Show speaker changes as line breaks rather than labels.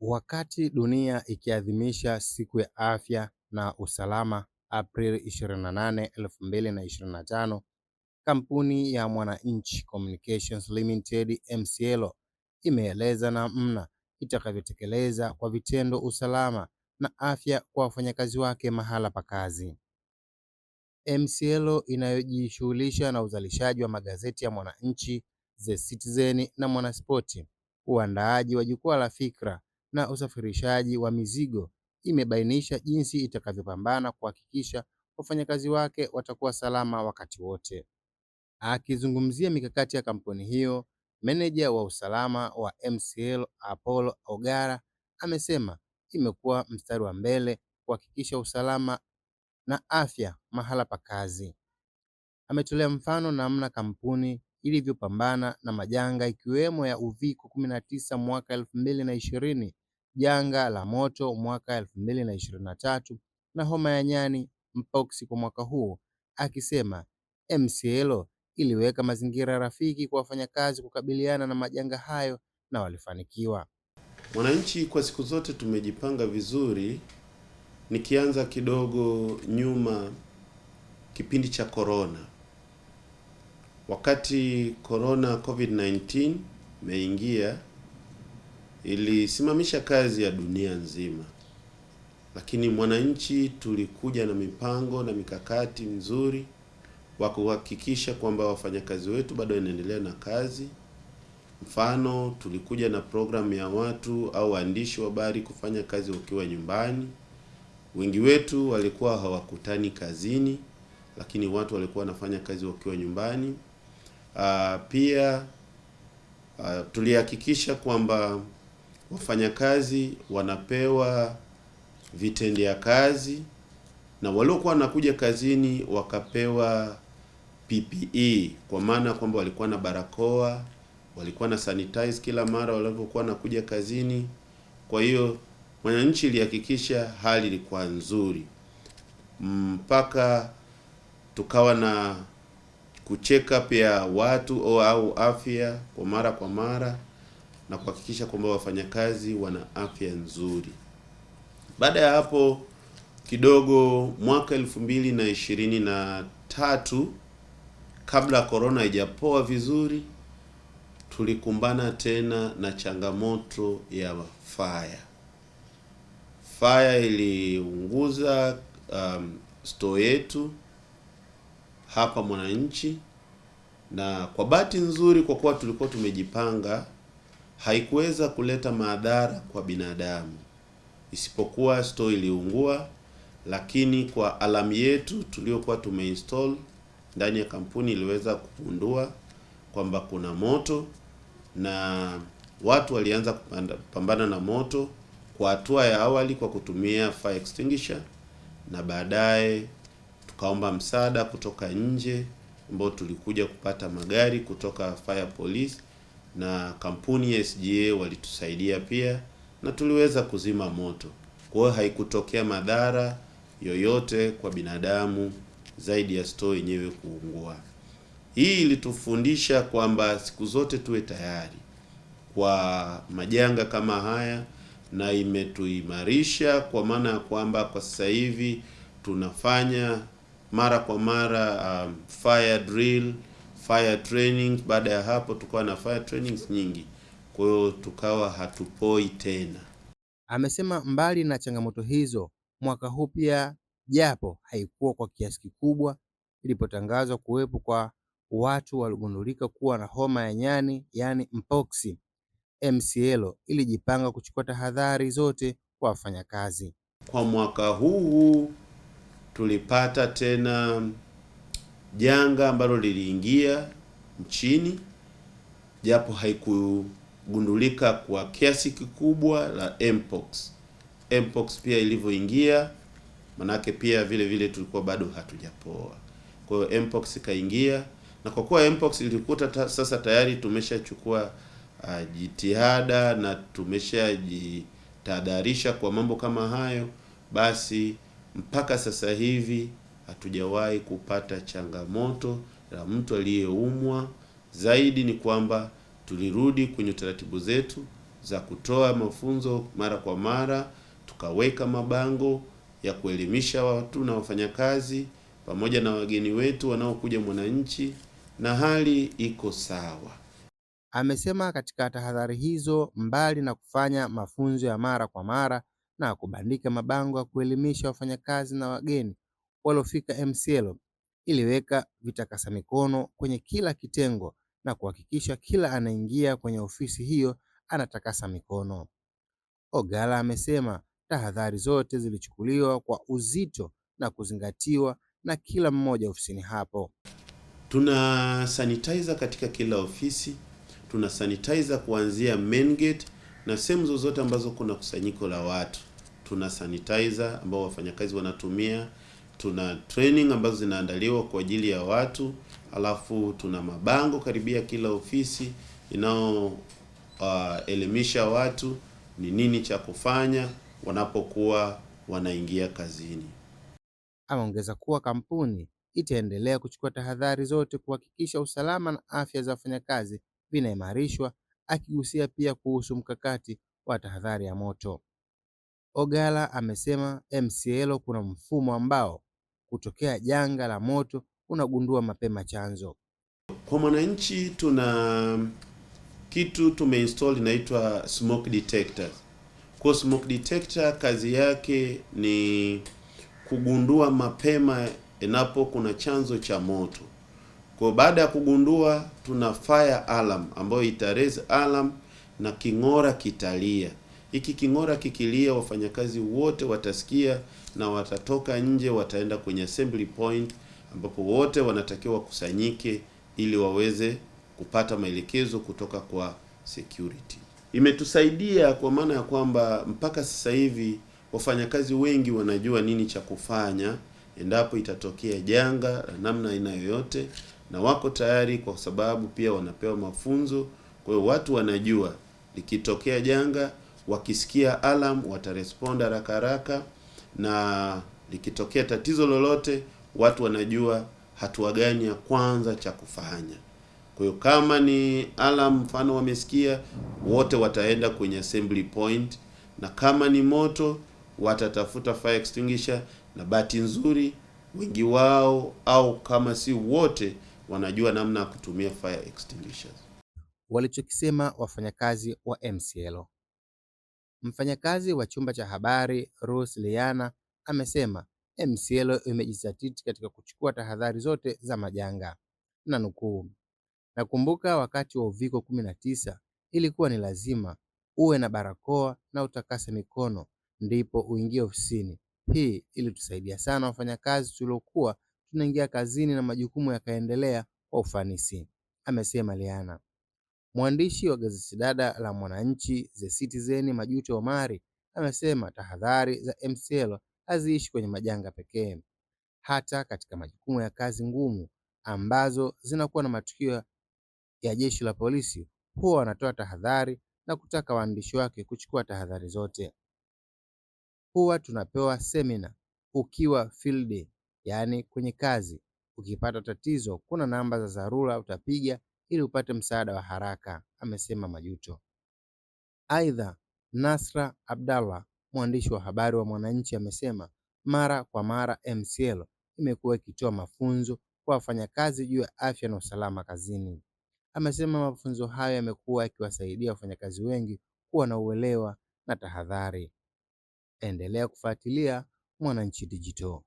Wakati dunia ikiadhimisha siku ya afya na usalama Aprili 28, 2025, kampuni ya Mwananchi Communications Limited MCL imeeleza namna itakavyotekeleza kwa vitendo usalama na afya kwa wafanyakazi wake mahala pa kazi. MCL inayojishughulisha na uzalishaji wa magazeti ya Mwananchi, The Citizen na Mwanaspoti, uandaaji wa jukwaa la fikra na usafirishaji wa mizigo imebainisha jinsi itakavyopambana kuhakikisha wafanyakazi wake watakuwa salama wakati wote. Akizungumzia mikakati ya kampuni hiyo, meneja wa usalama wa MCL Apollo Ogara amesema imekuwa mstari wa mbele kuhakikisha usalama na afya mahala pa kazi. Ametolea mfano namna kampuni ilivyopambana na majanga ikiwemo ya Uviko 19 mwaka 2020 janga la moto mwaka elfu na na homa ya nyani mpox kwa mwaka huo, akisema MCL iliweka mazingira rafiki kwa wafanyakazi kukabiliana na majanga hayo na walifanikiwa. Mwananchi, kwa siku zote tumejipanga vizuri. Nikianza kidogo nyuma, kipindi cha corona, wakati corona covid-19 imeingia ilisimamisha kazi ya dunia nzima, lakini mwananchi tulikuja na mipango na mikakati mzuri wa kuhakikisha kwamba wafanyakazi wetu bado wanaendelea na kazi. Mfano, tulikuja na programu ya watu au waandishi wa habari kufanya kazi wakiwa nyumbani. Wengi wetu walikuwa hawakutani kazini, lakini watu walikuwa wanafanya kazi wakiwa nyumbani. Aa, ah, pia ah, tulihakikisha kwamba wafanyakazi wanapewa vitendea kazi na waliokuwa wanakuja kazini wakapewa PPE kwa maana kwamba walikuwa na barakoa, walikuwa na sanitize kila mara walipokuwa wanakuja kazini. Kwa hiyo wananchi ilihakikisha hali ilikuwa nzuri mpaka tukawa na kucheka pia watu au afya kwa mara kwa mara na kuhakikisha kwamba wafanyakazi wana afya nzuri. Baada ya hapo kidogo, mwaka elfu mbili na ishirini na tatu, kabla korona haijapoa vizuri, tulikumbana tena na changamoto ya faya. Faya iliunguza um, store yetu hapa Mwananchi, na kwa bahati nzuri, kwa kuwa tulikuwa tumejipanga haikuweza kuleta madhara kwa binadamu, isipokuwa store iliungua. Lakini kwa alamu yetu tuliokuwa tumeinstall ndani ya kampuni iliweza kugundua kwamba kuna moto na watu walianza kupambana na moto kwa hatua ya awali kwa kutumia fire extinguisher, na baadaye tukaomba msaada kutoka nje ambao tulikuja kupata magari kutoka fire police na kampuni ya SGA walitusaidia pia na tuliweza kuzima moto. Kwa hiyo haikutokea madhara yoyote kwa binadamu zaidi ya store yenyewe kuungua. Hii ilitufundisha kwamba siku zote tuwe tayari kwa majanga kama haya, na imetuimarisha kwa maana ya kwamba kwa sasa hivi tunafanya mara kwa mara um, fire drill fire trainings. Baada ya hapo tukawa na fire trainings nyingi, kwa hiyo tukawa hatupoi tena.
Amesema mbali na changamoto hizo, mwaka huu pia, japo haikuwa kwa kiasi kikubwa, ilipotangazwa kuwepo kwa watu waliogundulika kuwa na homa ya nyani, yani mpox, MCL ilijipanga kuchukua tahadhari zote kwa wafanyakazi.
Kwa mwaka huu tulipata tena janga ambalo liliingia nchini japo haikugundulika kwa kiasi kikubwa la mpox. Mpox pia ilivyoingia, manake pia vile vile tulikuwa bado hatujapoa, kwa hiyo mpox ikaingia, na kwa kuwa mpox ilikuta ta, sasa tayari tumeshachukua uh, jitihada na tumeshajitahadharisha kwa mambo kama hayo, basi mpaka sasa hivi hatujawahi kupata changamoto la mtu aliyeumwa. Zaidi ni kwamba tulirudi kwenye taratibu zetu za kutoa mafunzo mara kwa mara, tukaweka mabango ya kuelimisha watu na wafanyakazi pamoja na wageni wetu wanaokuja Mwananchi, na hali iko sawa.
Amesema katika tahadhari hizo, mbali na kufanya mafunzo ya mara kwa mara na kubandika mabango ya kuelimisha wafanyakazi na wageni, waliofika MCL iliweka vitakasa mikono kwenye kila kitengo na kuhakikisha kila anaingia kwenye ofisi hiyo anatakasa mikono. Ogala amesema tahadhari zote zilichukuliwa kwa uzito na kuzingatiwa na kila mmoja ofisini hapo.
Tuna sanitizer katika kila ofisi, tuna sanitizer kuanzia main gate na sehemu zozote ambazo kuna kusanyiko la watu, tuna sanitizer ambao wafanyakazi wanatumia tuna training ambazo zinaandaliwa kwa ajili ya watu, alafu tuna mabango karibia kila ofisi inayoelimisha uh, watu ni nini cha kufanya wanapokuwa wanaingia kazini.
Ameongeza kuwa kampuni itaendelea kuchukua tahadhari zote kuhakikisha usalama na afya za wafanyakazi vinaimarishwa, akigusia pia kuhusu mkakati wa tahadhari ya moto. Ogala amesema MCL kuna mfumo ambao kutokea janga la moto unagundua mapema chanzo.
Kwa mwananchi, tuna kitu tumeinstall inaitwa smoke detector. Kwa smoke detector kazi yake ni kugundua mapema inapo kuna chanzo cha moto. Kwa baada ya kugundua, tuna fire alarm ambayo ita raise alarm na king'ora kitalia. Hiki king'ora kikilia, wafanyakazi wote watasikia na watatoka nje, wataenda kwenye assembly point ambapo wote wanatakiwa wakusanyike ili waweze kupata maelekezo kutoka kwa security. Imetusaidia kwa maana ya kwamba mpaka sasa hivi wafanyakazi wengi wanajua nini cha kufanya endapo itatokea janga la namna aina yoyote, na wako tayari kwa sababu pia wanapewa mafunzo. Kwa hiyo watu wanajua likitokea janga wakisikia alam watarespond haraka haraka, na likitokea tatizo lolote, watu wanajua hatua gani ya kwanza cha kufanya. Kwa hiyo kama ni alam, mfano wamesikia wote, wataenda kwenye assembly point, na kama ni moto watatafuta fire extinguisher, na bahati nzuri wengi wao au kama si wote wanajua namna ya kutumia fire extinguishers.
Walichokisema wafanyakazi wa MCL Mfanyakazi wa chumba cha habari Rose liana amesema MCL imejizatiti katika kuchukua tahadhari zote za majanga, na nukuu, nakumbuka wakati wa uviko 19 ilikuwa ni lazima uwe na barakoa na utakase mikono ndipo uingie ofisini. Hii ilitusaidia sana wafanyakazi tuliokuwa tunaingia kazini na majukumu yakaendelea kwa ufanisi, amesema Liana. Mwandishi wa gazeti dada la Mwananchi The Citizen Majuto Omari amesema tahadhari za MCL haziishi kwenye majanga pekee, hata katika majukumu ya kazi ngumu ambazo zinakuwa na matukio ya jeshi la polisi huwa wanatoa tahadhari na kutaka waandishi wake kuchukua tahadhari zote. Huwa tunapewa semina ukiwa field day, yaani kwenye kazi. Ukipata tatizo, kuna namba za dharura utapiga ili upate msaada wa haraka, amesema Majuto. Aidha, Nasra Abdallah, mwandishi wa habari wa Mwananchi, amesema mara kwa mara MCL imekuwa ikitoa mafunzo kwa wafanyakazi juu ya afya na usalama kazini. Amesema mafunzo hayo yamekuwa yakiwasaidia wafanyakazi wengi kuwa na uelewa na tahadhari. Endelea kufuatilia Mwananchi Digital.